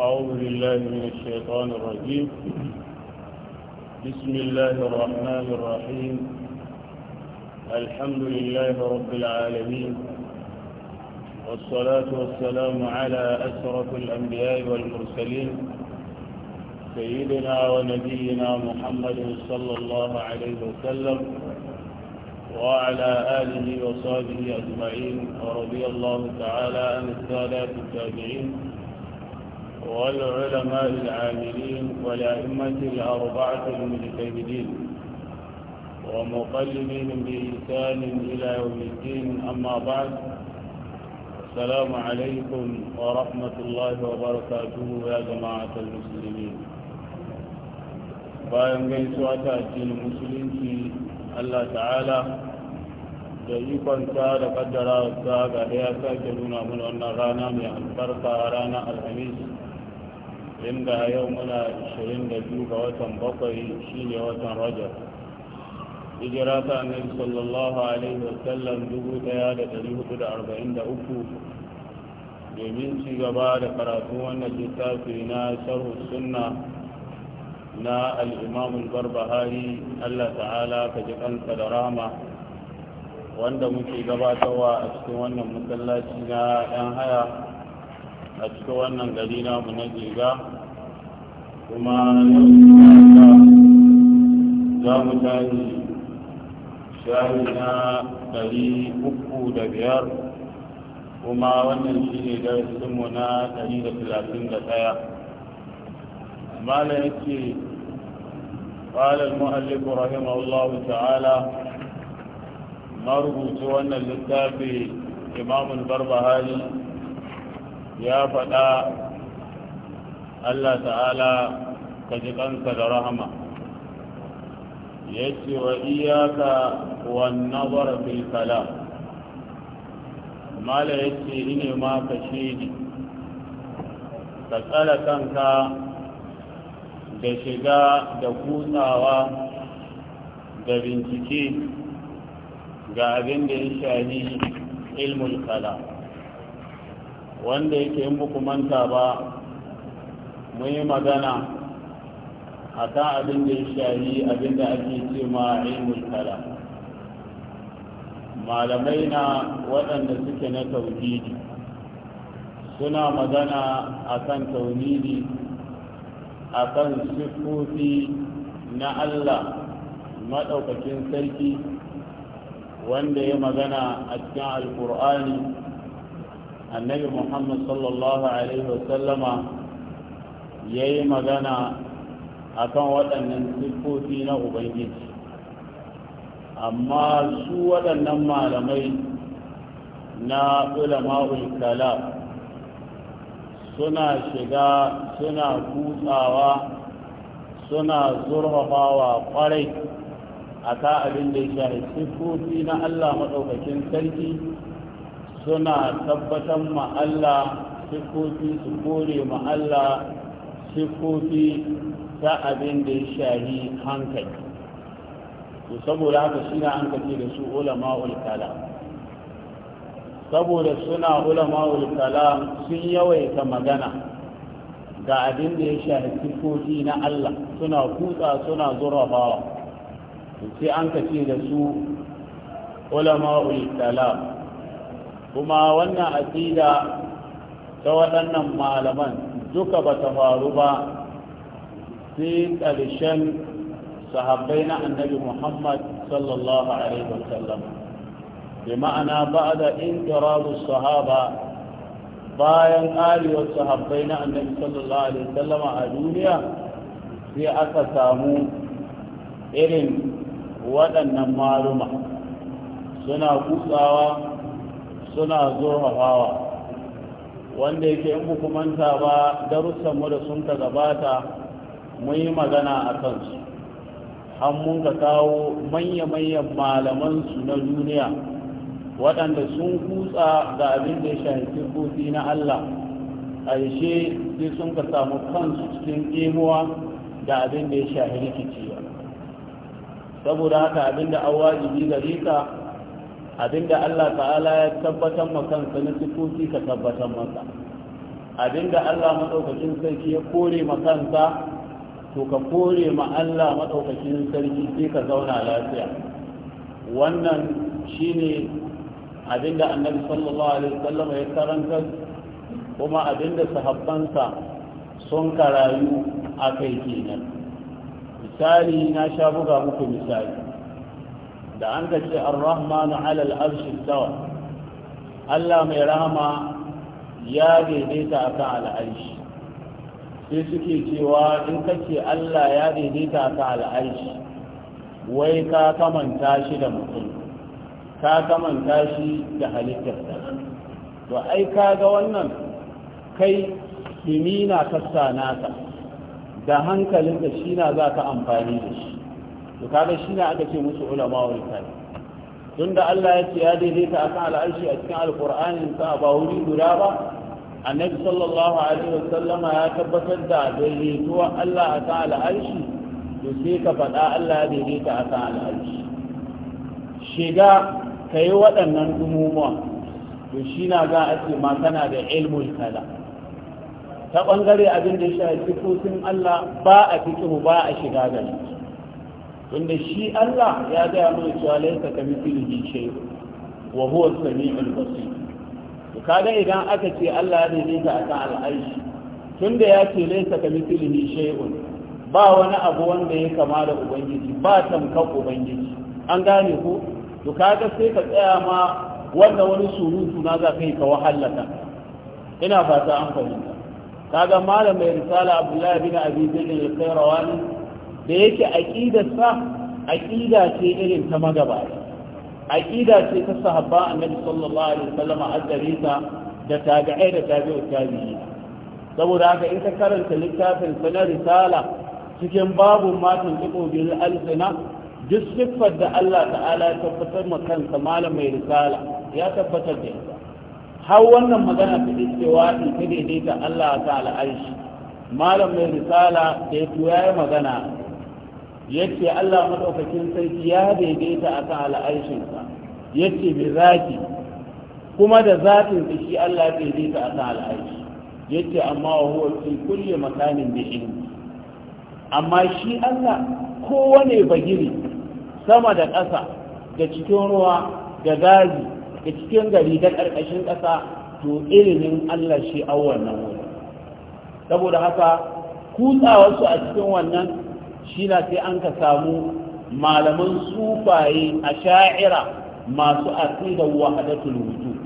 أعوذ بالله من الشيطان الرجيم بسم الله الرحمن الرحيم الحمد لله رب العالمين والصلاة والسلام على أسرف الأنبياء والمرسلين سيدنا ونبينا محمد صلى الله عليه وسلم وعلى آله وصحبه أجمعين ورضي الله تعالى عن السادات التابعين والعلماء العاملين والأئمة الأربعة المجتهدين ومقلدين بإحسان إلى يوم الدين أما بعد السلام عليكم ورحمة الله وبركاته يا جماعة المسلمين bayan gaisuwa ta addinin المسلمين في ta'ala تعالى ikonta da kaddara ga ya sake nuna أن غانا من أن albarka ranar alhamis inda yau muna 22 ga watan bakwai shine watan rajab hijira ta annabi sallallahu alaihi wa wasallam 1443 domin ci gaba da karatu wannan littafi na sharhu sunna na al-imam al-barbahari Allah ta'ala ka ji kansa da rahama wanda muke gabatarwa a cikin wannan masallaci na 'yan haya a cikin wannan gari namu na jiga kuma yau za mu tashi shayi na ɗari uku da biyar kuma wannan shi ne darasinmu na ɗari da talatin da ɗaya mala yake قال المؤلف رحمه الله تعالى مربوط وانا للتابي إمام البربهاري ya faɗa Allah ta'ala ka ji kansa da rahama ya ce wa iyaka wannan warafin kalam mala ya ce ine ma ka shidi ka tsala kanka da shiga da kutsawa da bincike ga abin da ya shahi ilmul kala. wanda yake in muku manta ba mu yi magana a kan abin da ya shahi abin da ake ce ma ilmul malamai na waɗanda suke na tauhidi suna magana a kan tauhidi a kan siffofi na allah maɗaukakin sarki wanda ya magana a cikin alkur'ani annabi muhammad sallallahu alaihi wasallama ya yi magana kan waɗannan siffofi na ubangiji amma su waɗannan malamai na ulama'ul Kala suna shiga suna kutsawa suna zurfafawa kwarai a ka abin da ya shafi siffofi na allah maɗaukakin sarki suna tabbatar ma Allah sifofi su kore ma Allah sifofi ta abin da ya shari hankali to saboda haka shi na an kace da su ulama'ul kalam saboda suna ulama'ul kalam sun yawaita magana ga abin da ya shafi sifofi na Allah suna kutsa suna zurrafawa sai an kace da su ulama'ul kalam kuma wannan asida ta waɗannan malaman duka ba ta faru ba sai ƙarshen sahabbai na annabi muhammad sallallahu alaihi wasallam bi ma'ana ba da intirazu sahaba bayan ƙarewar sahabbai na annabi sallallahu alaihi wasallama a duniya sai aka samu irin waɗannan maluma suna kutsawa suna hawa. wanda yake in ku manta ba darussanmu da sun ka gabata mun yi magana a kansu an mun ka kawo manya-manyan malamansu na duniya waɗanda sun kutsa ga abin da ya shafi kofi na Allah a yashe sai sun ka samu kansu cikin ɗemuwa da abin da ya shafi cewa. saboda haka abin da wajibi gare abinda Allah ta'ala ya tabbatar makansa na sifofi ka tabbatar masa abinda Allah madaukakin sarki ya kore makansa to ka kore ma Allah madaukakin sarki sai ka zauna lafiya wannan shine abinda annabi sallallahu alaihi wasallam ya karanta kuma abinda sahabbansa sun karayu a kai kenan misali na sha buga muku misali da an ka ce ar-rahmanu ala al Allah mai rahama ya daidaita akan al sai suke cewa in ka ce Allah ya daidaita akan al wai ka kamanta shi da mutum ka kamanta shi da halittarsa to ai ga wannan kai kimina kasta naka da hankalinka shi na za ka amfani da shi to kaga shi ne aka ce musu ulama wa rikani tun da Allah ya ce ya daidaita akan kan al'arshi a cikin alkur'ani sa ba wuri guda ba annabi sallallahu alaihi wasallama ya tabbatar da daidaituwa Allah a kan al'arshi to sai ka faɗa Allah ya daidaita a kan al'arshi shiga ka yi waɗannan dumuwa. to shi na ga a ce ma kana da ilmul kala ta ɓangare abin da shi sun Allah ba a fikihu ba a shiga ganin tunda shi Allah ya gaya mana cewa laisa ka mithlihi shay wa huwa as-sami'ul basir to kaga idan aka ce Allah ne ya daidaita akan al'aishi tunda ya ce laisa ka mithlihi shay'un ba wani abu wanda ya kama da ubangiji ba tamkar ubangiji an gane ko to kaga sai ka tsaya ma wannan wani surutu na za ka yi ka wahallaka ina fata an fahimta kaga malam mai risala abdullahi bin abi zaid al-qayrawani da yake aƙidarsa aƙida ce irin ta magabata aƙida ce ta sahabba annabi sallallahu alaihi wasallam azzarita da tabi'ai da tabi'u tabi'i saboda haka in ka karanta littafin sa na risala cikin babu matan tsibo bil alsina duk siffar da Allah ta'ala ya tabbatar ma kansa malam mai risala ya tabbatar da ita har wannan magana ta cewa in ta daidaita Allah ta'ala arshi malam mai risala da ya magana yace Allah madaukakin sarki ya daidaita akan al'aishin sa yace bi zaki kuma da zatin da shi Allah ya daidaita akan al'aishi yace amma wa huwa fi kulli makanin bi ilmi amma shi Allah kowane bagiri sama da ƙasa da cikin ruwa da gazi da cikin gari da ƙarƙashin ƙasa to ilimin Allah shi awon nan saboda haka wasu a cikin wannan Shina sai an ka samu malaman sufaye a sha'ira masu wa hadatul wujud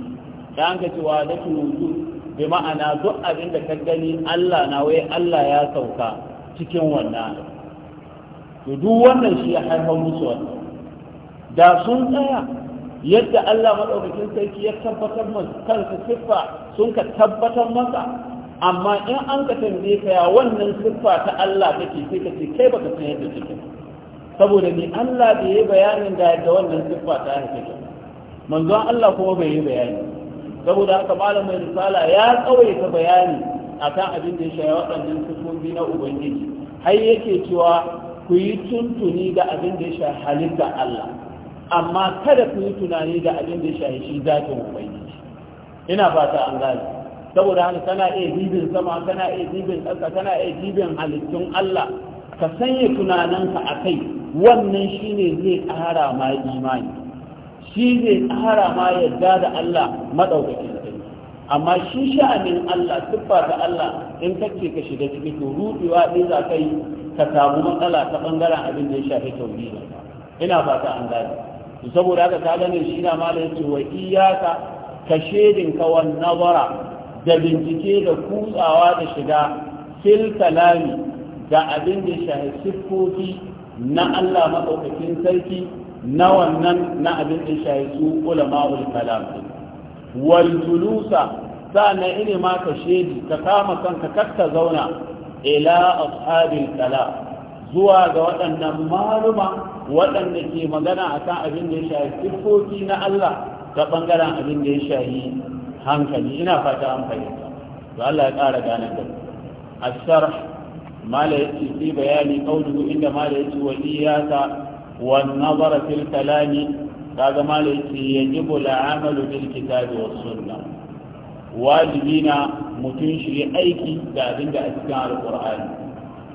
da an ka ce wahadatul wujud bi ma'ana duk abin da ka gani Allah na wai Allah ya sauka cikin wannan to duk wannan shi ya haifar musu wannan da sun tsaya yadda Allah madaukakin sarki ya tabbatar masa kansa siffa sun ka tabbatar maka? amma in an ka tambaye ka ya wannan siffa ta Allah take sai ka ce kai baka san yadda take saboda ni Allah bai yi bayanin da yadda wannan siffa ta haka take manzon Allah kuma bai yi bayani saboda haka malam mai risala ya tsawaita bayani akan abin da ya shaya waɗannan siffofi na ubangiji har yake cewa ku yi tuntuni da abin da ya shaya halitta Allah amma kada ku yi tunani da abin da ya shaya shi zakin ubangiji ina fata an gane saboda haka kana iya jibin sama kana iya jibin ƙasa kana iya jibin halittun Allah ka sanya tunaninka a kai wannan shine zai ƙara ma imani shi zai ƙara ma yarda da Allah maɗaukakin amma shi sha'anin Allah siffa ta Allah in kake ka shiga ciki to rudewa ɗin za ka yi ka samu matsala ta bangaren abin da ya shafi tauhidi ina fata an gane saboda haka ka gane shi na mala yace wa iyaka ka shedin ka wan nazara da bincike da kutsawa da shiga fil kalami da abin da shahi siffofi na Allah maɗaukakin sarki na wannan na abin da shahi ulama ulkalam wal julusa sa'annan ine ma ka shedi ka kama kanka kakka zauna ila ashabil kalam zuwa ga waɗannan maluma waɗanda ke magana akan abin da ya shahi siffofi na Allah ta ɓangaren abin da ya shayi. hankali ina fata an fahimta to Allah ya ƙara gane da ashar mala yace fi bayani qawluhu inda mala yace ya iyyaka wan nazara fil kalami kaga mala yace yajibu al'amalu bil kitabi was sunnah wajibi na mutum shi aiki da abin da a cikin Alƙur'ani.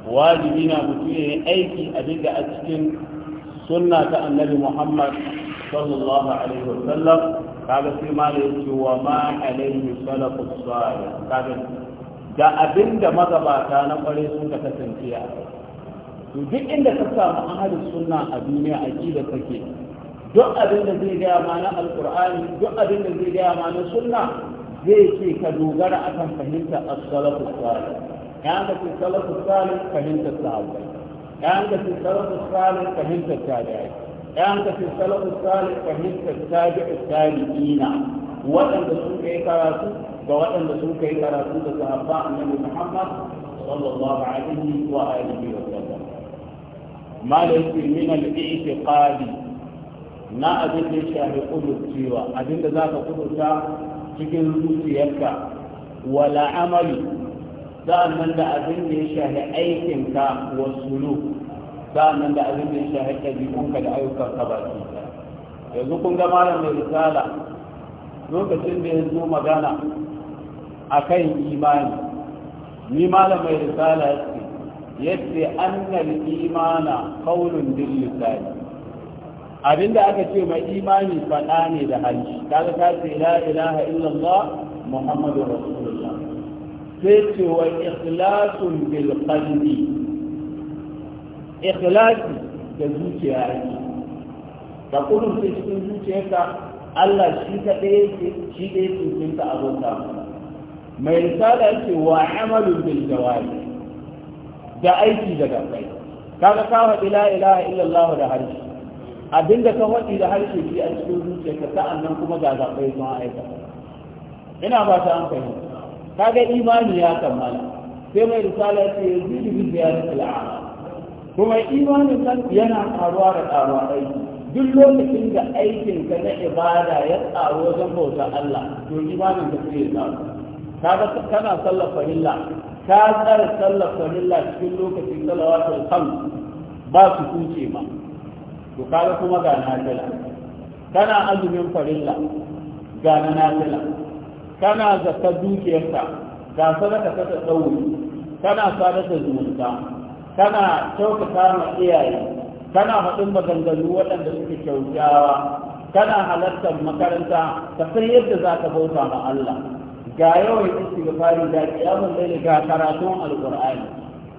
wajibi na mutum ya yi aiki abin da a cikin sunna ta annabi muhammad sallallahu alaihi wa sallam. kaga Ma malai ce wa ma alaihi salafu salih kaga da abinda magabata na kware sun ka kasance ya to duk inda ka samu ahalin sunna a duniya aqida take duk abin da zai gaya ma na alqur'ani duk abin da zai gaya ma na sunna zai ce ka dogara akan fahimta as-salafu salih ya ga salafu salih fahimta sahabbai ya ga salafu salih fahimta tabi'i yan ka fi salafu salih fahimtar tabi'u tabi'ina waɗanda sun kai karatu ga waɗanda sun kai karatu da sahabba annabi Muhammad sallallahu alaihi wa alihi wa sallam malaka min al-i'tiqadi na abin da ya shafi kudurcewa abin da za ka kudurta cikin zuciyarka wala amali sa'annan da abin da ya shafi aikinka wa sulu sa'annan da abin da ya shafi ɗabi'unka da ayyukan ka baki yanzu kun ga malam mai risala lokacin da ya zo magana a kan imani ni malam mai risala ya ce yadda annal imana kaulun bin lisani abinda aka ce mai imani faɗa ne da hanci kaga ta ce la ilaha illallah muhammadu rasulullah sai ce wa ikhlasun bil qalbi ikhlasi da zuciya ne da kullum sai cikin zuciyarka Allah shi kaɗai yake shi ɗaya cikin ta abota mai risala yake wa amalu bil jawari da aiki da gabbai kaga ka faɗi la ilaha illallah da harshe abinda ka faɗi da harshe shi a cikin zuciyarka annan kuma ga gabbai sun aika ina ba ta an fahimta kaga imani ya kammala sai mai risala ce yazidu bi ziyaratil a'mal kuma imanin kan yana karuwa da karuwa aiki duk lokacin da aikin ka na ibada ya karu wajen bauta Allah to imanin ka sai ya karu kana sallar farilla ka tsara sallar farilla cikin lokacin salawatul khams ba su kuce ba to kaga kuma ga nafila kana azumin farilla ga na nafila kana zakka dukiyarka ga sadaka ta tsawo kana sadaka zumunta kana kyautata ma iyaye kana faɗin maganganu waɗanda suke kyautawa kana halartar makaranta ka san yadda za ka bauta ma Allah ga yawan istighfari da kiyamun laili ga karatun alqur'ani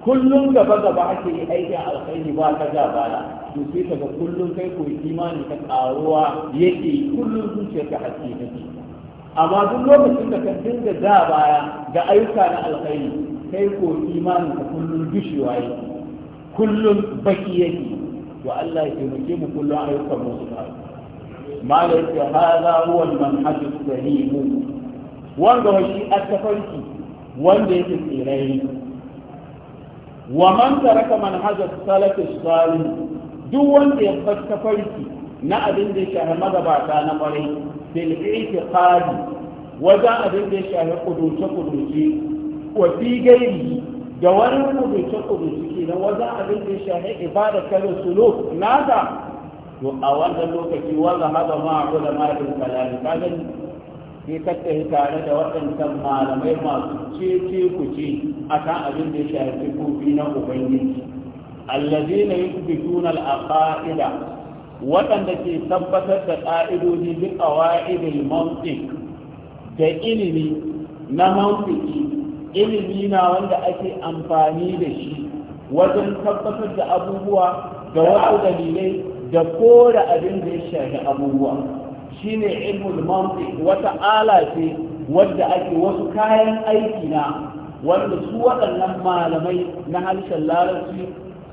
kullum gaba gaba ake yi aiki a alkhairi ba ka ga baya to sai kaga kullum kai ko imani ka karuwa yake kullum zuciyarka haske take amma duk lokacin da ka dinga da baya ga ayyuka na alkhairi kai ko imanin ka kullum dushewa yake kullum baki yake wa Allah ya taimake mu kullum ayyukan mu su ba malam ya hada huwa manhaj sahih wanda shi at-tafarki wanda yake tsirai wa man taraka manhaj salaf salih duk wanda ya bar tafarki na abin da ya shahi magabata na kwarai bil i'tiqadi wajen abin da ya shahi kuduce kuduce wa fi gairi da wani rubuce-rubuce ke na wajen abin da ya shafi ibada kalin sulu nada to a wannan lokaci wanda haɗa ma a kula ma da kalami ke sai yi tare da waɗancan malamai masu cece ce a kan abin da ya shafi kofi na ubangiji allazina yusbituna a fa'ida waɗanda ke tabbatar da ƙa'idoji a wa'idin mantiq da ilimi na mantiki ilimi na wanda ake amfani da shi wajen tabbatar da abubuwa ga wasu dalilai da kore abin da ya shafi abubuwa shine ilmul mantiq wata ala ce wadda ake wasu kayan aiki na wanda su waɗannan malamai na harshen larabci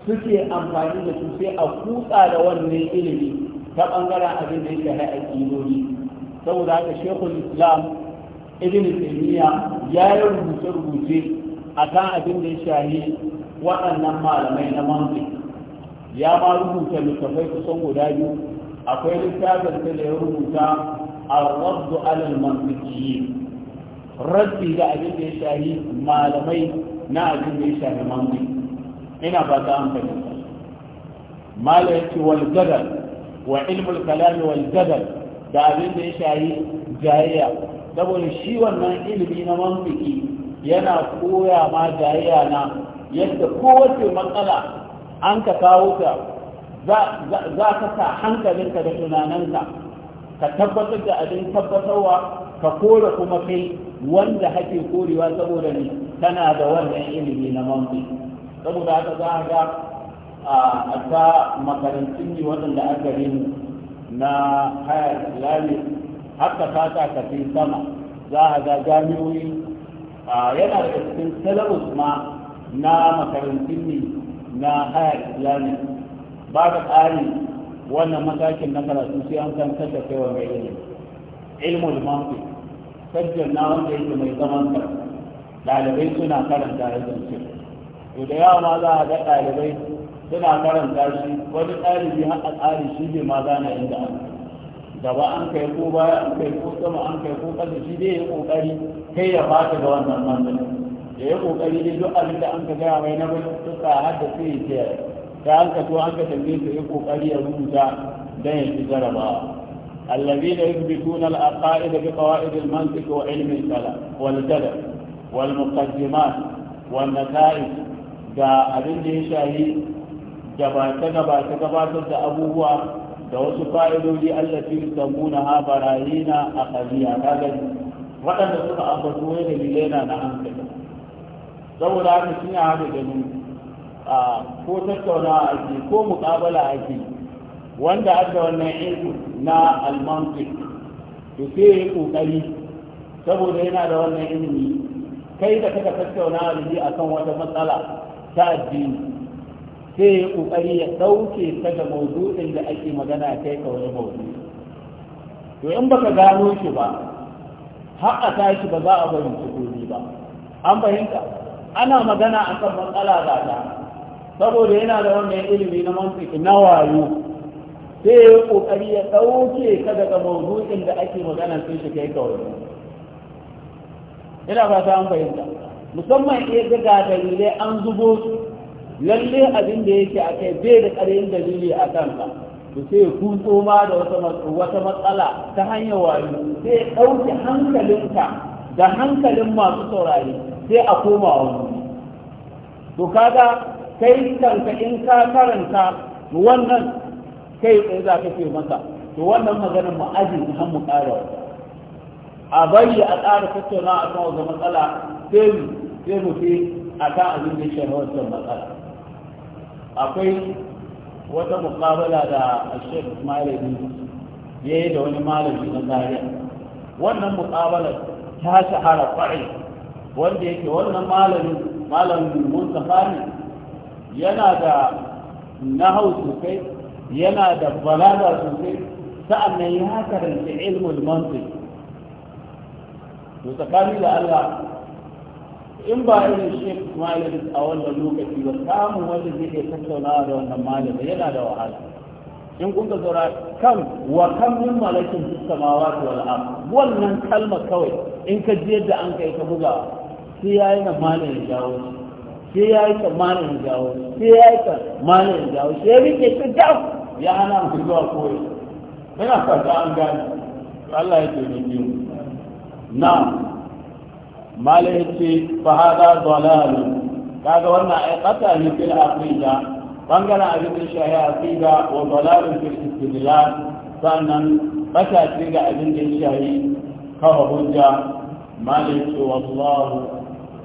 suke amfani da su sai a kutsa da wannan ilimi ta ɓangaren abin da ya shafi aƙidodi saboda haka shekul islam ibn taymiya ya yi rubuce rubuce kan abin da ya shahi waɗannan malamai na mantiq ya ma rubuta littafai kusan guda biyu akwai littafin da ya rubuta الرد alal المنطقيين rabbi ga abin da ya shahi malamai na abin da ya shahi manzi ina ba ta amfani mala yake wal gadal wa ilmul kalami wal gadal da abin da ya shahi jayayya saboda shi wannan ilimi na mantiki yana koya ma jayayya na yadda kowace matsala an ka kawo ta za ka sa hankalinka da tunaninka ka tabbatar da abin tabbatarwa ka kore kuma kai wanda hake korewa saboda ne tana da wannan ilimi na mantiki saboda haka za a ga a ta makarantun ne waɗanda aka rini na hayar islamic haka ta ta sama za a ga jami'o'i yana da cikin syllabus ma na makarantun ne na haya islami ba ka tsari wannan matakin na karatu sai an san da kai wa mai ilimi ilmul mafi sajjar na wanda yake mai zaman ka ɗalibai suna karanta da zance to da yawa ma za a ga ɗalibai suna karanta shi wani ɗalibi haka tsari shi ne ma na inda aka gaba an kai ko baya an kai ko sama an kai ko ƙasa shi dai ya ƙoƙari kai ya fata ga wannan manzon da ya ƙoƙari dai duk abin da an ka gaya mai na bai suka hadda sai ya ce da an ka to an ka tambaye su ya ƙoƙari ya rubuta dan ya ci jarabawa الذين يثبتون العقائد بقواعد المنطق وعلم الكلام والجدل والمقدمات والنتائج da abin da ya shahi gabata gabata gabatar da abubuwa da wasu fa'idodi allafi samuna ha barayina a kaliya kaga waɗanda suka ambato wani dalilai na na hankali saboda haka suna haka ganin ko tattaunawa ake ko muƙabala a ake wanda aka wannan ilmu na almantik to sai ya yi ƙoƙari saboda yana da wannan ilimi kai da kaka tattauna a shi akan wata matsala ta addini sai ya ƙoƙari ya ɗauke ta da mawdu'in da ake magana kai ka wani mawdu'i to in baka gano shi ba haƙa tashi ba za a bari tukuni ba an fahimta ana magana a kan matsala da ta saboda yana da wannan ilimi na mantiki na wayo sai ya ƙoƙari ya ɗauke ka daga mawdu'in da ake magana sai shi kai kawai ina fata an fahimta musamman iya ga dalilai an zubo su lalle abin da yake a kai bai da karin dalili a kanka to sai ya kutso ma da wata matsala ta hanyar wayo sai ya hankalinka da hankalin masu saurari sai a koma wani to kaga kai kanka in ka karanta wannan kai tsaye za ka ce masa to wannan maganar mu aji han mu ƙara a bari a tsara tattauna a kan wata matsala sai mu sai mu fi a kan abin da ya shafi matsala akwai wata mukabala da Sheikh Ismail Ibn ya yi da wani malami na Zaria wannan mukabala ta shahara fa'i wanda yake wannan malamin malamin mun yana da nahau sosai yana da balaga sosai sa'annan ya karanta ilmul mantiq to tsakani da Allah in ba irin shek malamin a wannan lokaci ba samun wanda zai iya tattaunawa da wannan malamin yana da wahala in kun ga saura kan wa kan min malakin fis samawati wal ard wannan kalma kawai in ka ji yadda an kai ka buga sai yayi na malamin jawo sai yayi ka malamin jawo sai yayi ka malamin jawo sai yayi ke ka jawo ya hana mu zuwa koyi ina fata an gane Allah ya taimake mu na'am mala yace fa hada dalal kaga wannan ai qata ne fil aqida bangaren abin da shi ya aqida wa dalal fil istidlal sannan qata ce ga abin da shi kawo hujja mala yace wallahu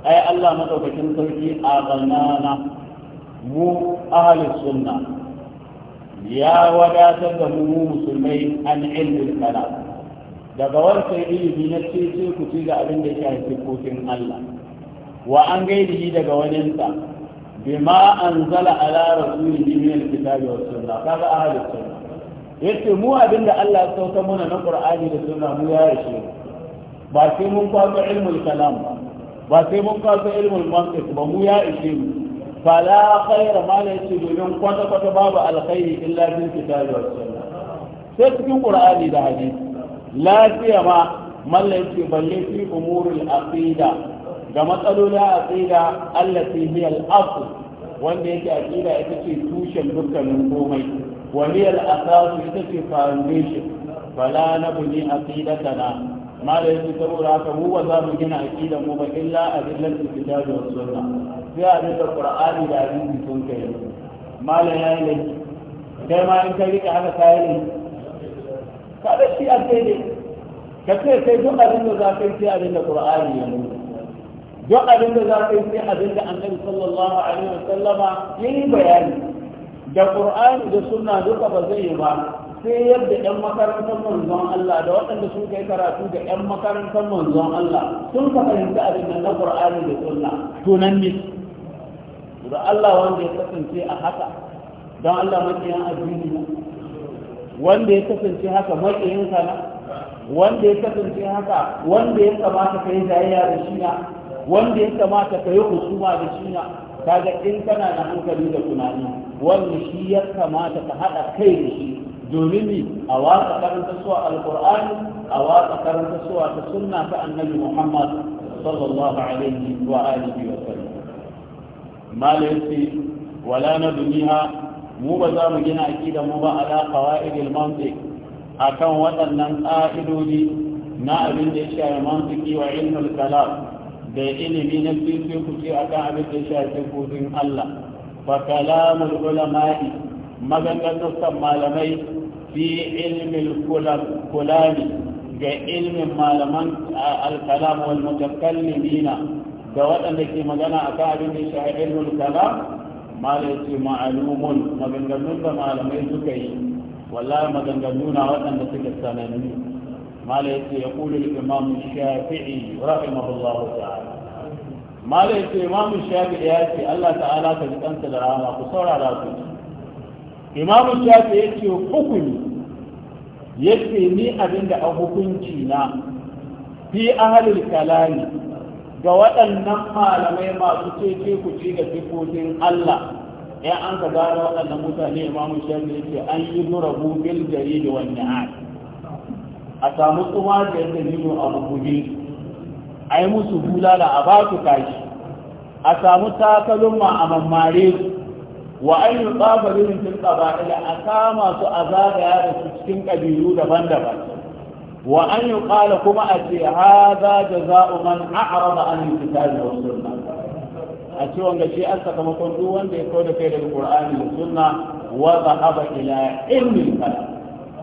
ai Allah madaukakin sarki a ganana mu ahlus sunna ya wadatar da mu musulmai an ilmin kalam daga wancan ilimi na cece ku ci ga abin da ya shafi kofin Allah wa an gaidi daga waninsa bima an anzala ala rasulihi min alkitabi was sunna kaga ahli sunna yace mu abin da Allah ya sauka mana na Qur'ani da sunna mu ya rishe ba sai mun kwaso ilmul kalam ba ba sai mun kwaso ilmul mantiq ba mu ya ishe mu fala khayra ma la yace domin kwata kwata babu alkhairi illa bil kitabi was sunna sai cikin Qur'ani da hadisi lafiya ma mallaki balle fi umurul aqida ga matsalolin aqida allati hiya al-asl wanda yake aqida ita ce tushen dukkanin komai wa hiya al-asas ita ce foundation fala nabni aqidatana ma da yake saboda haka mu ba za mu gina aqida mu ba illa adillatu kitabi wa sunna sai abin da qur'ani da hadisi sun kai malam yayi ne kai ma in ka rike haka kai kada shi a sai ne ka ce sai duk abin da za ka yi sai abin da qur'ani ya nuna duk abin da za ka yi sai abin da annabi sallallahu alaihi wa sallama yayi bayani da qur'ani da sunna duka ba zai yi ba sai yadda yan makarantar manzon Allah da waɗanda sun kai karatu da yan makarantar manzon Allah sun ka fahimci abin da na qur'ani da sunna to nan ne da Allah wanda ya kasance a haka don Allah makiyan addini wanda ya kasance haka matsayin sana wanda ya kasance haka wanda ya kamata ka yi jayayya da shi na wanda ya kamata ka yi husuma da shi na kaga in kana da hankali da tunani wanda shi ya kamata ka haɗa kai da shi domin ni a watsa karanta suwa alƙur'ani a watsa karanta suwa ta sunna ta annabi muhammad sallallahu alaihi wa alihi wa sallam mala wala na duniya mu ba za mu gina aƙida mu ba alaƙa ala qawaidil a kan waɗannan ƙa'idodi na abin da ya shafi mantiki wa ilmul kalam da ilimi na fifi akan abin da ya shafi kudin Allah fa kalamul ulama'i maganganun malamai fi ilmil kulami ga ilmin malaman al-kalam wal mutakallimina da waɗanda ke magana akan abin da ya shafi ilmul kalam mala ya ce ma'alumun maganganun da malamai suka yi wallahi maganganu na waɗanda suka sanannu mala ya ce ya kula imam shafi'i rahimahullah ta'ala mala ya ce imam shafi'i ya ce Allah ta'ala ka ji kansa da rahama ku saurara ku imam shafi'i ya ce hukumi ya ce ni abinda a hukunci na fi ahalul kalami ga waɗannan malamai masu ce ku ci da sifofin Allah ya an ka gano waɗannan mutane imamu shafi yake an yi durabu jari da wani a samu tsuma da yadda nino a bugugi a yi musu bulala a ba su kashi a samu takalin ma a mammare wa an yi tsabarin tun tsaba'ila a kama su a zagaya da su cikin ƙabilu daban-daban wa an yi kala kuma a ce haza da a man a'arada an yi kitabi wa sunna a ce wanga shi an sakamakon duk wanda ya kawo da kai daga qur'ani da sunna wa zahaba ila ilmi kalam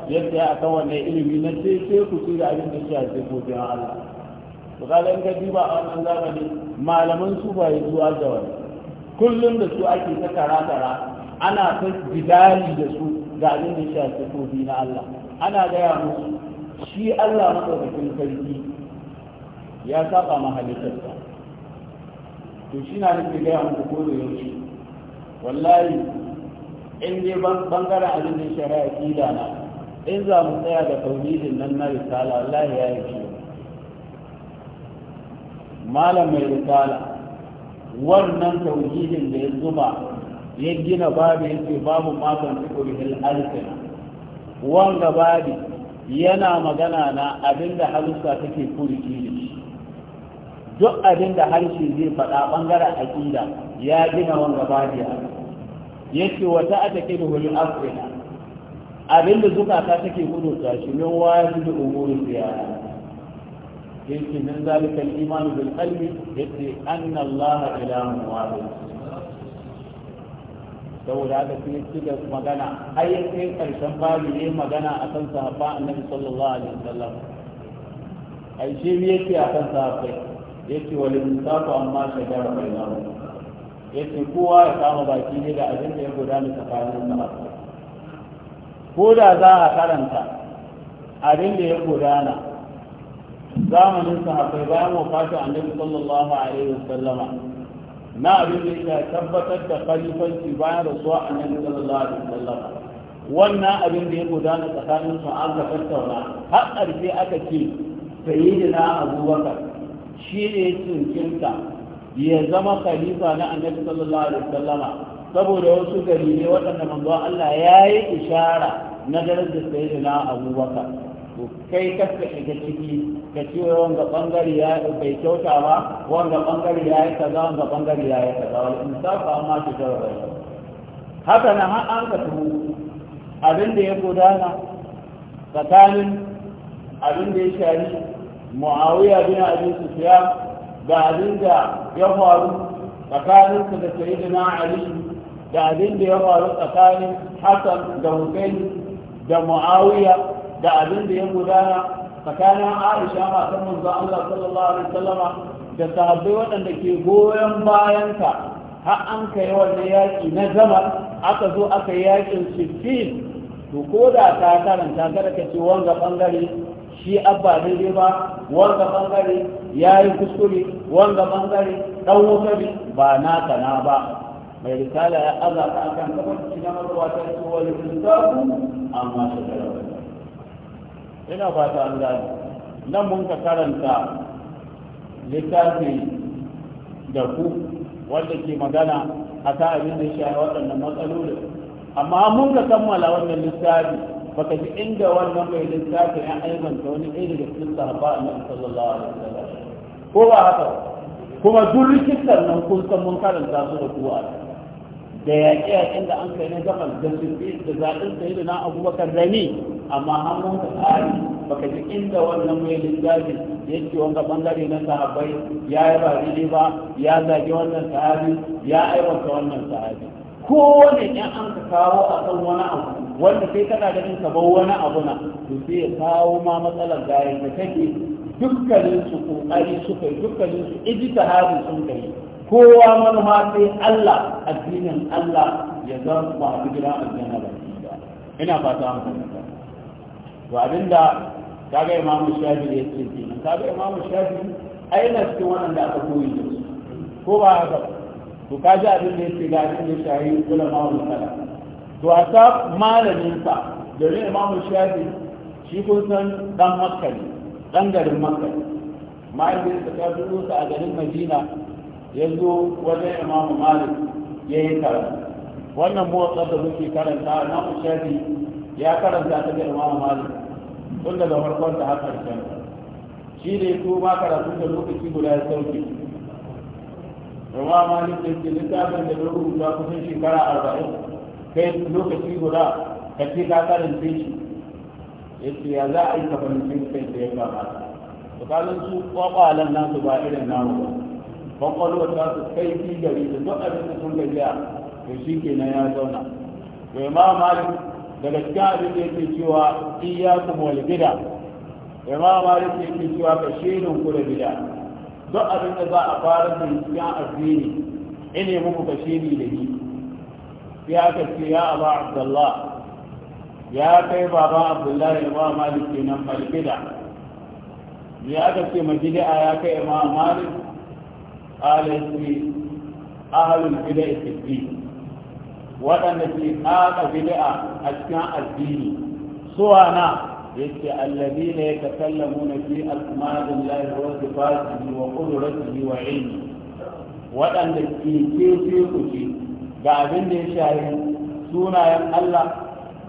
yadda ya akan wannan ilimi na sai sai ku ci da abin da ko bi Allah to a zamani malaman su ba yi da kullum da su ake ta kara ana ta jidali da su ga abin da shi a ko na Allah ana gaya musu shi Allah madaukakin sarki ya saba ma to shi na nufin gaya muku ko da yaushe wallahi in dai bangaren abin da shari'a kila na in za mu tsaya da tauhidin nan na risala wallahi ya yi ciwo malam mai risala wannan tauhidin da ya zuba ya gina babu yake babu makon tukuri hil alfina wanga babu yana magana na abinda halitta take furki ne duk abinda harshe zai faɗa ɓangaren aƙida ya gina wanga badiya yake wata a take da hulun afirka abinda zukata take ta shi min wajen da umurin ya yake min zalika imanu bil qalbi yake anna allaha ilahun wahid saboda haka sun yi ci da magana Ai ya kai karshen babu ne magana a kan sahaba annabi sallallahu alaihi wasallam ai shi ne yake a kan sahabbai yake walin musafa amma shajara bai na yake kowa ya kama baki ne da abin da ya gudana tsakanin sahabbai ko da za a karanta abin da ya gudana zamanin sahaba bayan wafatin annabi sallallahu alaihi wasallama na abin da ya tabbatar da khalifanci bayan rasuwa annabi sallallahu alaihi wasallam wannan abin da ya gudana tsakanin su an ka tattauna har ƙarfi aka ce sayyidina abubakar shi ne tsinkinta ya zama khalifa na annabi sallallahu alaihi wasallama saboda wasu gari ne waɗanda manzo Allah ya yi ishara na da sayyidina abubakar to kai kaska shiga ciki ka ce wanga bangare ya bai kyauta ba wanga bangare ya yi kaza wanga bangare ya yi kaza wal insaf amma ta jarra haka na har an ka tuhu abin da ya gudana tsakanin abin da ya shari muawiya bin abi sufyan da abin da ya faru tsakanin su da sayyidina ali da abin da ya faru tsakanin hasan da husaini da muawiya da abin da ya gudana tsakanin aisha matan manzo Allah sallallahu alaihi wasallama da sahabbai waɗanda ke goyon bayanta har an kai wannan yaƙi na zama aka zo aka yi yaƙin sifin to ko da ta karanta kada ka ce wanga bangare shi abba daidai ba wanga bangare ya yi kuskure wanga bangare ɗan ba naka na ba mai risala ya aza ta akan kamar cikin mazuwa ta ce wani insaku amma shekarar ina fata an gani nan mun ka karanta littafi da ku wanda ke magana a ta abin da shi waɗannan matsaloli amma mun ka kammala wannan littafi baka ji inda wannan mai littafi ya aibanta wani iri daga cikin sahaba annabi sallallahu alaihi wasallam ko ba haka kuma duk rikitan nan kun san mun karanta su da kuwa a da yaƙe yaƙen da an kai na gabas da sirri da zaɓen sayi da na abubakar rami amma hannun ka tsari baka ji inda wannan mai lingaji ya ce wanga bangare na sahabbai ya yi ba daidai ba ya zage wannan sahabi ya aiwata wannan sahabi kowane yan an ka kawo a kan wani abu wanda sai kana da ka bar wani abu na to sai ya kawo ma matsalar gayen da kake dukkanin su kokari suka yi dukkanin su ijtihadi sun kai kowa manufa sai Allah addinin Allah ya zama ba su gidan aljanna ba ina ba an fahimta to abinda ga imamu shafi ya ce ta ga imamu shafi ai na cikin da aka koyi da ko ba haka to ji abin da ya ce ga abin da shahi kula wani kala to a ta malamin sa domin imamu shafi shi kun san dan makka dan garin makka mahaifin ta duro sa a garin madina ya zo wajen imamu malik ya yi karatu wannan motsar da muke karanta na shafi ya karanta ta ga imamu malik tun daga farkon ta har karshen shi ne su ma karatu da lokaci guda ya sauke imamu malik da ke littafin da ya rubuta kusan shekara arba'in kai lokaci guda ka ce ka karanta shi ya ce ya za a yi kafin cikin kai da ya kamata to kalin su kwakwalan nasu ba irin namu ba kwakwalwar ta su kai fi gari da duk abin da sun gajiya to shi ke na ya zauna to imam malik daga cikin abin da yake cewa iyyakum wal bid'a imam malik yake cewa ka shirin ku da gida. duk abin da za a fara da cikin addini ine muku ka shiri da ni sai aka ce ya aba abdullah ya kai baba abdullahi imam malik kenan mal bid'a ya aka ce a ya kai imam malik alanci ahalul bida'i fi waɗanda ke ƙaƙa bida'a a cikin addini suwa na yake allazi ne ya takallamu na fi al'umadin lahi wa sifatihi wa qudratihi wa ilmi waɗanda ke kece kuce ga abin da ya shahi sunayen Allah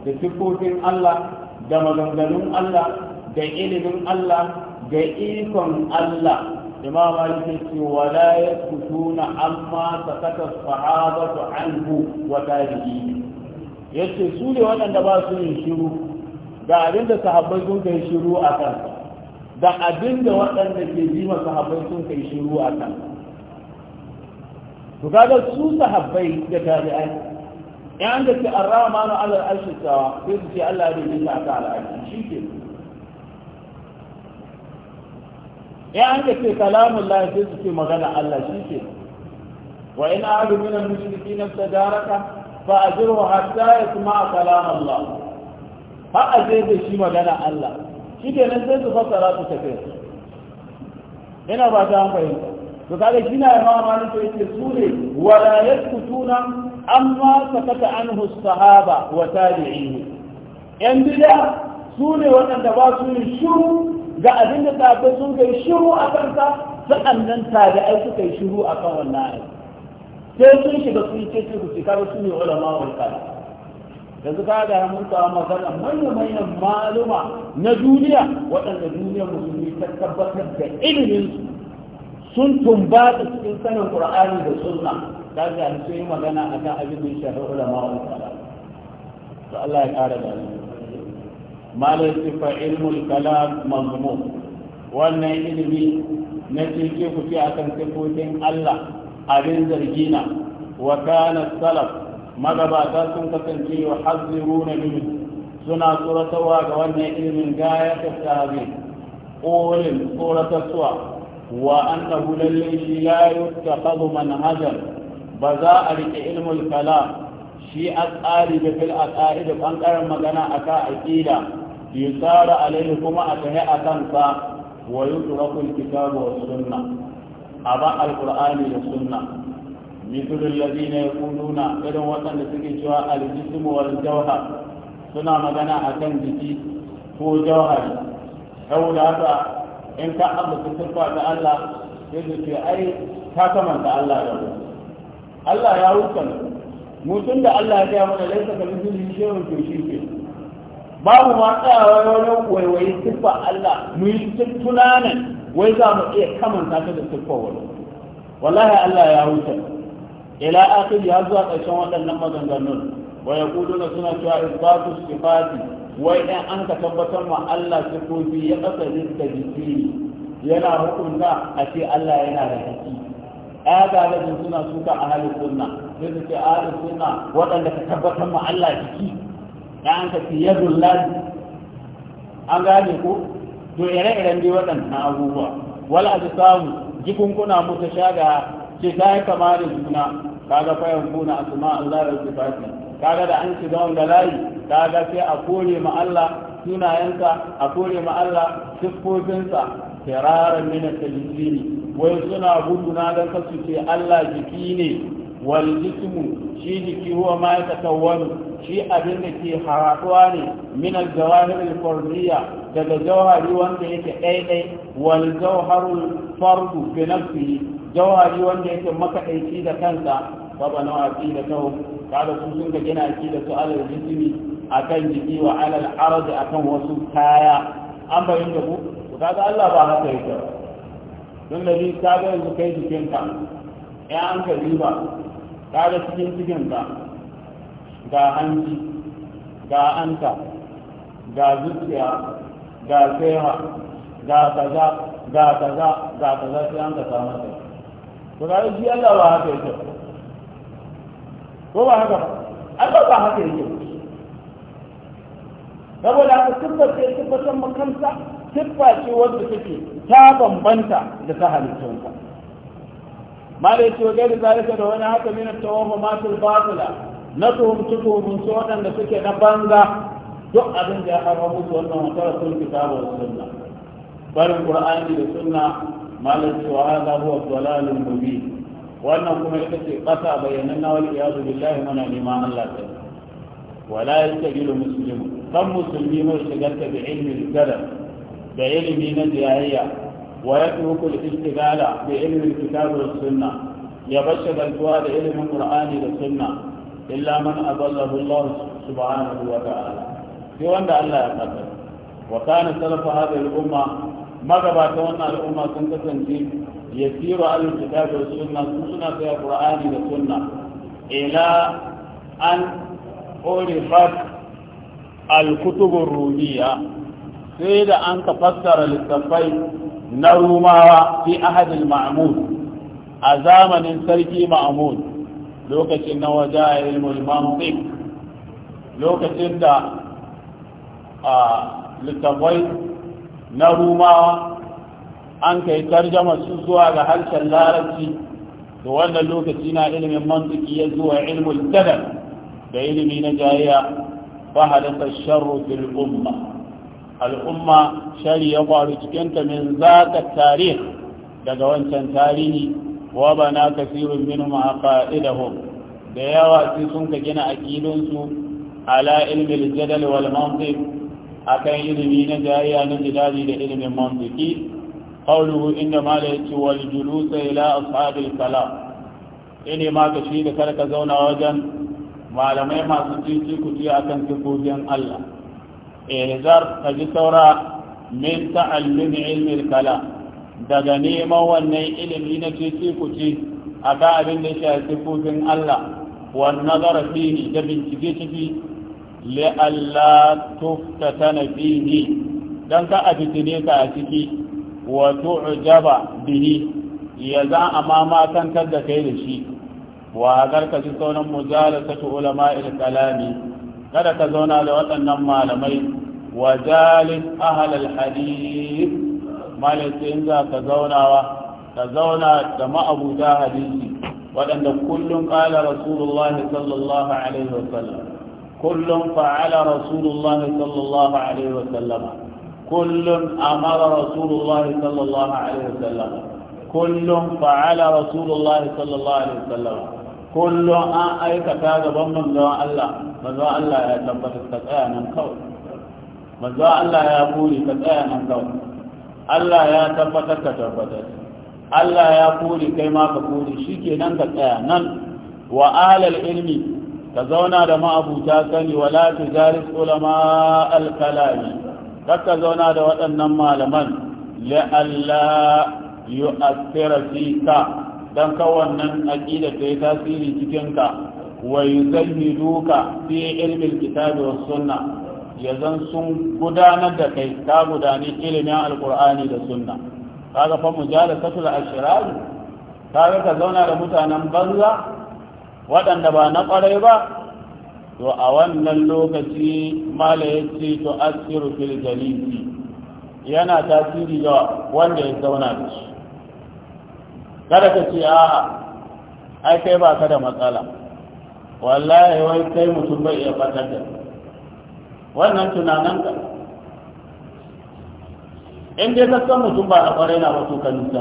da sifofin Allah da maganganun Allah da ilimin Allah da ikon Allah imam ali ke ce wala yakutuna amma sakata sahabatu anhu wa tabi'i yace su ne waɗanda ba su yin shiru da abin da sahabbai sun kai shiru a kan da abin da waɗanda ke ji ma sahabbai sun kai shiru a kan to kaga su sahabbai da tabi'ai in an da ce an rama mana alal arshi tsawa sai su ce Allah ya rubuta ta al'arshi shi ke ya an ka ce kalamun lahi sai su ce magana Allah shi ke wa in ahadu min al-mushriki na tajaraka fa ajruhu hatta yasma kalam Allah ha aje da shi magana Allah shi ke nan sai su fassara su tafi ina ba ta an fahimta to kaga shi na imam Malik yake su ne wala yaskutuna amma sakata anhu as-sahaba wa tabi'ihi yan bid'a su ne waɗanda ba su yin shiru ga abin da sahabbai sun kai shiru a kansa sa'annan ai suka yi shiru a kan wannan ayi sai sun shiga sun ce su ce kaga su ne ulama wal yanzu ka ga mun ta magana manyan manyan maluma na duniya waɗanda duniyar musulmi ta tabbatar da ilimin sun tumbata cikin sanin qur'ani da sunna ka ga sai magana akan abin da ya shafi ulama wal kalam to Allah ya kara da malar sifa ilmul kalam mazmum wannan ilimi na cike kuke akan sifofin Allah abin zargina wa kana salaf magabata sun kasance wa hazziruna min suna tsoratarwa ga wannan ilimin gaya ta sahabi ƙolin tsoratarwa wa annahu lalle shi la yuttakhadhu manhajan ba za a rike ilmul kalam shi a tsari da fil aqaid bangaren magana aka aqida yusara alaihi kuma a kai a kansa wa yutrakul kitabu wa sunna aba alqur'ani da sunna mithlu alladhina yaquluna irin waɗanda suke cewa al-jismu wal jawhar suna magana akan jiki ko jawhari saboda haka in ka ambata siffa ta Allah sai su ce ai ka kamanta Allah da Allah ya wuce mu tun da Allah ya gaya mana laisa ka mithlihi shay'un to shi babu ma tsayawa wajen waiwayi siffar Allah mu yi tunanin wai za mu iya kamanta ta da siffar wani wallahi Allah ya wuce ila akhir ya zuwa ƙarshen waɗannan maganganun wa yaquluna suna cewa isbatu sifati wai dan an ka tabbatar ma Allah sifofi ya ƙasa da jiki yana hukunta a ce Allah yana da haƙi aga da suna suka a sunna sai su ce ahalin sunna waɗanda ka tabbatar ma Allah jiki da an ka yadun an gane ko to ire-iren dai na abubuwa wal samu kuna mutu ga ce ta yi kama da juna kaga fayar kuna asma Allah da sifati kaga da an shiga wanda layi kaga sai a kore ma Allah sunayensa a kore ma Allah siffofinsa kiraran mina al wai suna na don kasu ce Allah jiki ne wal jismu shi jiki huwa ma ya takawwanu shi abin da ke haraduwa ne min al al-fardiyya daga jawhari wanda yake ɗaiɗai wal jawharul fardu bi nafsihi jawhari wanda yake makaɗaici da kansa fa da aqidatuhum kada su sun ga gina aqidatu alal a kan jiki wa alal a kan wasu kaya an bayin da ku kaga Allah ba haka yi ta. don da ta kaga yanzu kai jikinka ya an ka riba kaga cikin cikin ba ga hanji ga anta ga zuciya ga kaiwa ga kaza ga kaza ga kaza sai an ka samu ta to ga shi Allah ba haka yake ko ba haka Allah ba haka yake saboda haka tabbar sai tabbatar makanta tabba ce wanda take ta bambanta da ta halittunka wani ليس وغير ذلك دون Masu من na الباطلة نتهم mun su waɗanda suke na banza duk abin da ya harba musu wannan da sun kitabu da sunna barin qur'ani da sunna malam cewa hada huwa dalalun mubin wannan kuma ita ce ƙasa bayanan na wani iyadu billahi mana neman Allah ta wala yastajilu Musulmi kan musulmi mai ta da ilmi al da ilimi na jiyayya ويترك الاشتغال بعلم الكتاب والسنة يبشر الفؤاد علم القرآن والسنة إلا من أضله الله سبحانه وتعالى في وند الله يقدر وكان سلف هذه الأمة ما قبعتون الأمة في يسير على الكتاب والسنة سنة في القرآن والسنة إلى أن عرفت الكتب الرومية sai da an ka fassara littattafai na rumawa fi ahadin ma'amud a zamanin sarki ma'amud lokacin na waje ilmul lokacin da a littattafai na rumawa an kai tarjama su zuwa ga harshen larabci da wannan lokaci na ilimin mantiki ya zuwa ilmul jadal da ilimi na jayya fa hadatha sharru fil umma al'umma shari ya faru cikinta min zaka tarih daga wancan tarihi wa bana min minhum aqaidahum da yawa sai sun ka gina aqidunsu ala ilmi al-jadal wal a akan ilimi na jariya na jidali da ilimin mantiki qawluhu inda ma la yati wal julus ila ashabil kalam ine ma ka shi da karka zauna wajen malamai masu cici kuti akan sifofin Allah ihzar ka ji saura min ta'allumi ilmin kala daga neman wannan ilimi na cece kuce a ka abin da shi sifofin Allah wan nazara fihi da bincike ciki li'alla tuftatana fihi dan ka a fitine ka a ciki wato tu'jaba bihi ya za a tantar da kai da shi wa hazar ka ji sauran mujalasatu ulama'il kalami kada ka zauna da waɗannan malamai wa jalis ahal alhadith malaka in za ka zaunawa ka zauna da ma'abuta hadisi waɗanda kullum ƙala rasulullah sallallahu alaihi wa sallam kullum fa'ala rasulullah sallallahu alaihi wa sallam kullum amara rasulullah sallallahu alaihi wa sallam kullum fa'ala rasulullah sallallahu alaihi wa sallam kullum an aikata gaban manzon Allah manzon Allah ya tabbata ka tsaya nan kawai manzon Allah ya buri ka tsaya nan kawai Allah ya tabbata ka tabbata Allah ya buri kai ma ka buri nan ka tsaya nan wa alal ilmi ka zauna da ma'abuta sani wala tujaris ulama al-kalami ka zauna da waɗannan malaman la'alla yu'athira fika don kawannan aƙida ta yi tasiri cikinka wa yuzayyiduka fi ilmin kitabi was sunna ya zan sun gudanar da kai ka gudani ilimin alkur'ani da sunna kaga fa mujalasatul ashrar kaga ka zauna da mutanen banza waɗanda ba na ƙwarai ba to a wannan lokaci mala yace to asiru fil jalisi yana tasiri ga wanda ya zauna da shi kada ka ce a'a ai kai ba ka da matsala wallahi wai kai mutum bai iya fatar da wannan tunanan ka in dai ka san mutum ba a kwarai na wasu to ka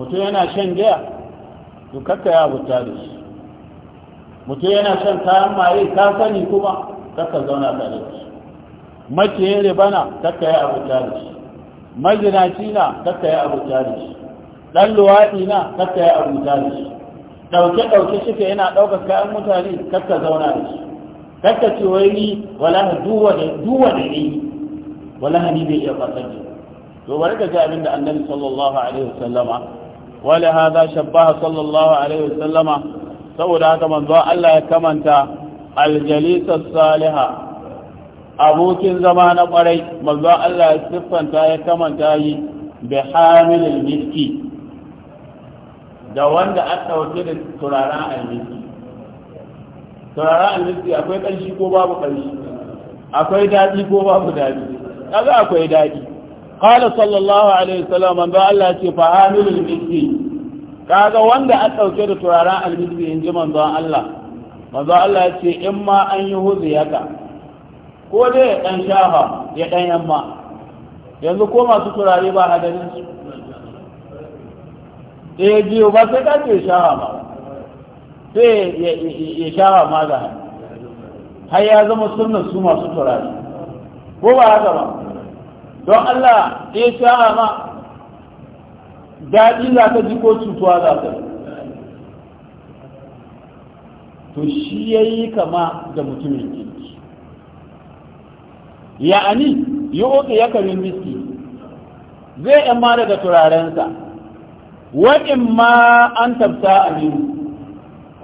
mutum yana shan giya to kakka ya abuta da shi mutum yana shan kayan maye ka sani kuma kakka zauna tare da shi maciyin ribana kakka ya abuta da shi majinaci na kakka ya abuta da shi Ɗan luwaɗi na kakka ya abuta da shi ɗauke-ɗauke suka yana ɗaukar kayan mutane kakka zauna da shi kakka ce wai ni wala duwa duwa da ni wala ni bai iya fasar da to bari ka ji abin da annabi sallallahu alaihi wasallama wala za shabbaha sallallahu alaihi wasallama saboda haka manzo Allah ya kamanta aljalisa Saliha, abokin zama na kwarai manzo Allah ya siffanta ya kamanta yi bi hamilil miski da wanda an ɗauke da turaren almisi turaren almisi akwai ƙarshi ko babu ƙarshi akwai daɗi ko babu daɗi kaga akwai daɗi qala sallallahu alaihi wasallam ba Allah ce fa hamilul miski kaga wanda an ɗauke da turaren almisi in ji manzo Allah manzo Allah ya ce in ma an yi huziyaka ko dai dan shafa ya dan yamma yanzu ko masu turare ba hadarin su eh biyu ba sai ka ce shawa ba sai ya shawa ma da hannu har ya zama sunan su masu turare ko ba haka ba don Allah ya shawa ma daɗi za ka ji ko cutuwa za ka yi to shi ya yi kama da mutumin kirki ya'ani yi oke ya karin miski zai yan mara da turarensa wa'in ma an tabta aminu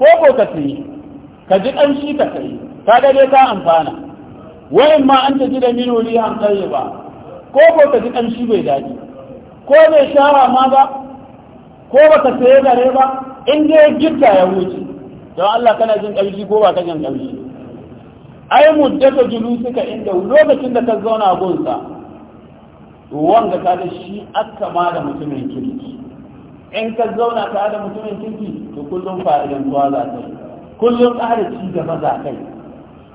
ko ko ka sayi ka ji ƙanshi ka sayi ka dai ka amfana wa'in ma an ta ji da minu lihan tsaye ba ko ko ka ji ƙanshi bai daɗi ko bai shara ma ba ko ba ka saye gare ba in je gidda ya wuce don Allah kana jin ƙarfi ko ba ka jin ƙanshi ai muddata julusuka inda lokacin da ka zauna gonsa wanga ka da shi akka ma da mutumin kiri in ka zauna tare da mutumin kirki to kullum fa'idantuwa za ta yi kullum ƙara ci gaba za ta yi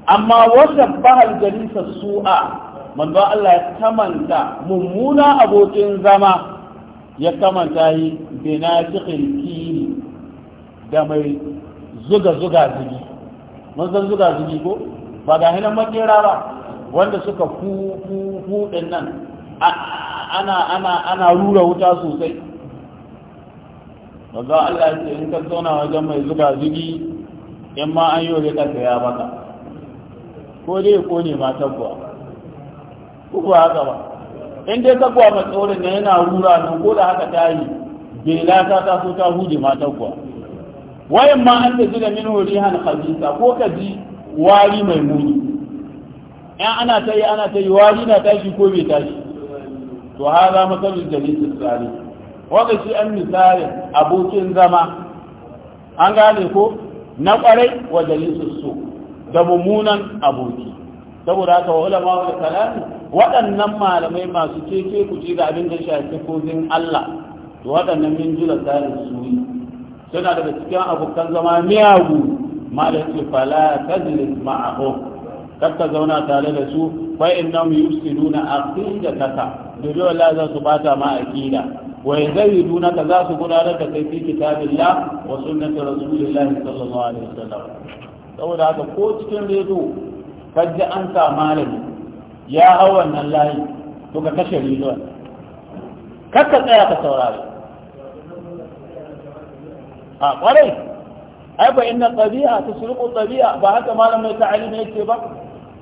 amma wata bahal jalisa su'a manzo Allah ya kamanta mummuna abokin zama ya kamanta yi binatiqil kiri da mai zuga zuga zugi mun san zuga zugi ko ba ga hinan makera ba wanda suka fu fu fu nan ana ana ana rura wuta sosai maza Allah ce in ka zauna wajen mai zuba zugi in ma an yi wa rika ya baka ko dai ko ne ma ko ba haka ba in dai tagwa mai tsorin ne yana rura nan ko da haka ta yi bai ta ta so ta huje ma tagwa wayan ma an da ji da min rihan khabisa ko ka ji wari mai muni in ana ta yi ana ta yi wari na tashi ko bai tashi to haza masalul jalisi salih wanda shi an misalin abokin zama an gane ko na kwarai wa jalisus su da mummunan aboki saboda haka wa ulama wa kalam waɗannan malamai masu keke ku ji da abin da shafi kozin Allah to waɗannan min jula tsarin yi suna daga cikin abokan zama miyagu malaki fala tajlis ma'ahu kakka zauna tare da su fa innahum yusiduna aqidaka da dole za su bata ma aqida ويزيدونك ذات قرارة في كتاب الله وسنة رسول الله صلى الله عليه وسلم saboda haka ko cikin rezo kaji an sa malami ya hau wannan layi to ka kashe rezon kakka tsaya ka saurari a kwarai ai ba inna ta suruku tabi'a ba haka malam mai ta'alim yake ba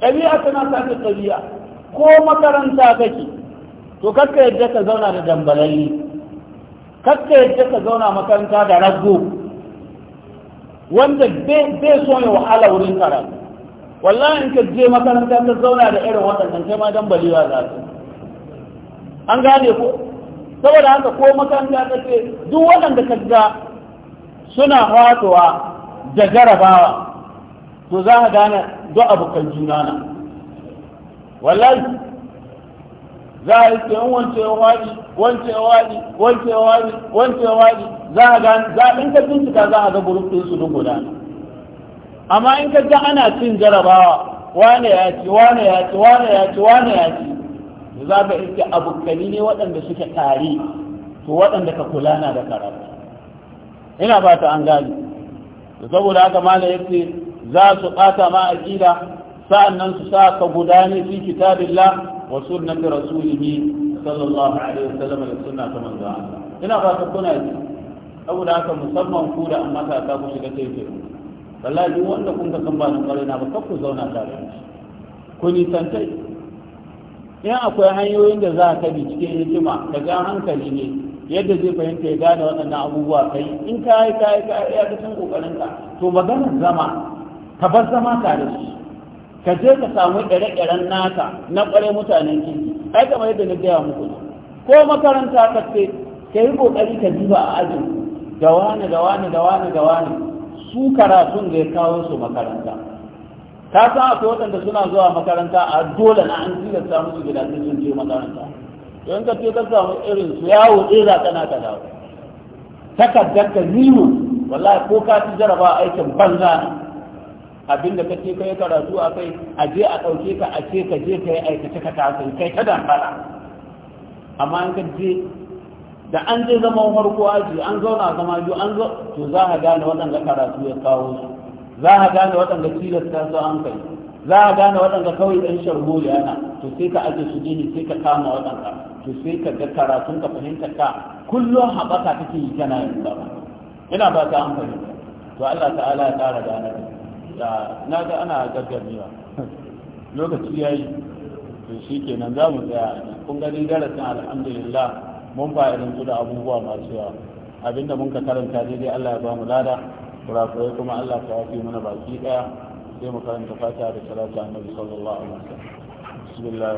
tabi'a tana sa ta ko makaranta kake to kakka yadda ka zauna da dambalalli kakka yadda ka zauna makaranta da rago wanda bai so ya wahala wurin karatu wallahi in ka je makaranta ka zauna da irin waɗannan kai ma dan baliwa za su an gane ko saboda haka ko makaranta ta ce duk waɗanda ka ga suna hatuwa da jarabawa to za ka gane duk abokan juna na wallahi za a yi sayan wancewa wani wancewa wani wancewa wani wancewa wani za a ga za in ka bincika za a ga gurup su duk guda amma in ka ga ana cin jarabawa wane ya ci wane ya ci wane ya ci wane ya ci za ka iske abokani ne waɗanda suke tare to waɗanda ka kula na da karatu ina ba ta an gani saboda haka malam yace za su ɓata ma sa'an nan su sa ka guda gudane fi kitabillah وسنة رسوله صلى الله عليه وسلم da sunna ta إن Allah ina fata kuna ji saboda haka musamman ku da amma ta ku shiga taife wallahi wanda kun ka san ba nan kwarai na ba kar ku zauna tare da shi ku hanyoyin da za ka hankali ne yadda zai fahimta ya gane waɗannan abubuwa kai in ka yi ka yi ka yi ya ga cin ƙoƙarinka to maganar zama ka bar zama tare da shi ka je ka samu ɗare-ɗaren naka na ƙware mutanen kirki ai kama yadda na gaya muku ne. ko makaranta ka ce ka yi ƙoƙari ka duba a ajin da wani da wani da wani da wani su karatun da ya kawo su makaranta ka san akwai waɗanda suna zuwa makaranta a dole na an tilasta su gidajen sun je makaranta don ka ce ka samu irin su yawo ɗera kana ka dawo takardar ka nimo wallahi ko ka ci jaraba aikin banza Abin da kake kai karatu a kai a je a ɗauke ka a ce ka je ka yi aikace ka tafi kai ta damfara amma an ka je da an je zaman farko aji an zauna zama biyu an zo to za ka gane waɗanda karatu ya kawo su za ka gane waɗanda tilasta su an kai za a gane waɗanda kawai ɗan ya na to sai ka aje su jini sai ka kama waɗanda to sai ka ga karatun ka fahimta ka kullum haɓaka take yi kana yin ba ina ba ta an fahimta to Allah ta'ala ya ƙara gane da da na ga ana gaggamewa lokaci ya yi to shi kenan za mu tsaya kun gani darasin alhamdulillah mun su da abubuwa masu yawa abinda mun ka karanta daidai Allah ya ba mu lada kurakurai kuma Allah ta yafi mana baki daya sai mu karanta fata da salatu annabi sallallahu alaihi wasallam bismillah